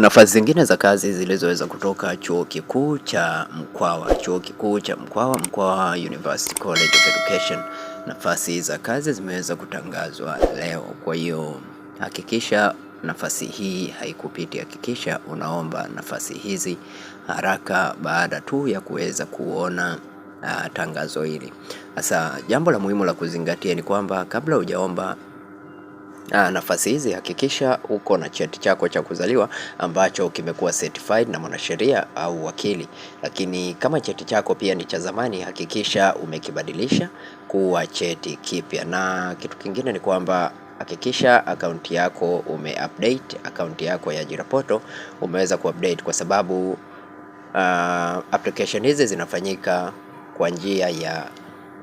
Nafasi zingine za kazi zilizoweza kutoka chuo kikuu cha Mkwawa. Chuo kikuu cha Mkwawa, Mkwawa University College of Education, nafasi za kazi zimeweza kutangazwa leo. Kwa hiyo hakikisha nafasi hii haikupiti, hakikisha unaomba nafasi hizi haraka baada tu ya kuweza kuona uh, tangazo hili. Sasa jambo la muhimu la kuzingatia ni kwamba kabla hujaomba Aa, ah, nafasi hizi hakikisha uko na cheti chako cha kuzaliwa ambacho kimekuwa certified na mwanasheria au wakili. Lakini kama cheti chako pia ni cha zamani, hakikisha umekibadilisha kuwa cheti kipya. Na kitu kingine ni kwamba hakikisha akaunti yako umeupdate akaunti yako ya Ajira Portal umeweza kuupdate kwa sababu uh, application hizi zinafanyika kwa njia ya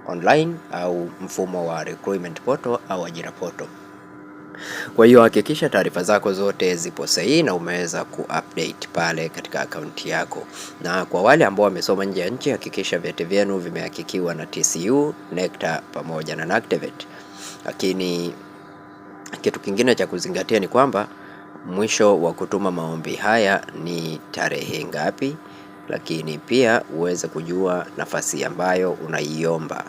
online au mfumo wa recruitment portal au Ajira Portal. Kwa hiyo hakikisha taarifa zako zote zipo sahihi na umeweza kuupdate pale katika akaunti yako. Na kwa wale ambao wamesoma nje ya nchi, hakikisha vyeti vyenu vimehakikiwa na TCU, NECTA pamoja na NACTVET. Lakini kitu kingine cha kuzingatia ni kwamba mwisho wa kutuma maombi haya ni tarehe ngapi, lakini pia uweze kujua nafasi ambayo unaiomba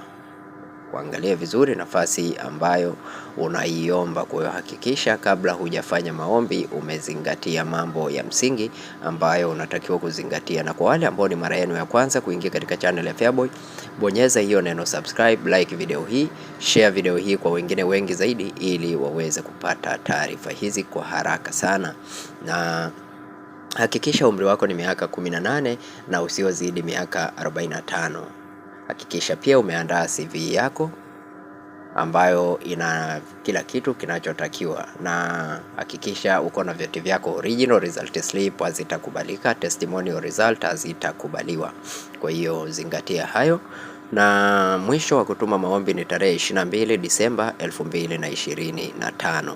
kuangalia vizuri nafasi ambayo unaiomba. Kwa hiyo hakikisha kabla hujafanya maombi umezingatia mambo ya msingi ambayo unatakiwa kuzingatia. Na kwa wale ambao ni mara yenu ya kwanza kuingia katika channel ya Feaboy, bonyeza hiyo neno subscribe, like video hii, share video hii kwa wengine wengi zaidi, ili waweze kupata taarifa hizi kwa haraka sana na hakikisha umri wako ni miaka 18 na usiozidi miaka 45. Hakikisha pia umeandaa CV yako ambayo ina kila kitu kinachotakiwa, na hakikisha uko na vyeti vyako original, result slip hazitakubalika, testimonial result hazitakubaliwa. Kwa hiyo zingatia hayo, na mwisho wa kutuma maombi ni tarehe 22 Disemba 2025.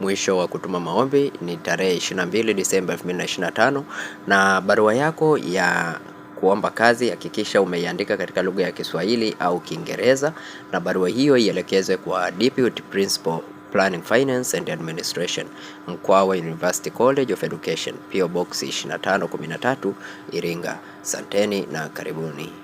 Mwisho wa kutuma maombi ni tarehe 22 Disemba 2025, na barua yako ya kuomba kazi, hakikisha umeiandika katika lugha ya Kiswahili au Kiingereza na barua hiyo ielekezwe kwa Deputy Principal Planning Finance and Administration, Mkwawa University College of Education, PO Box 2513 Iringa. Santeni na karibuni.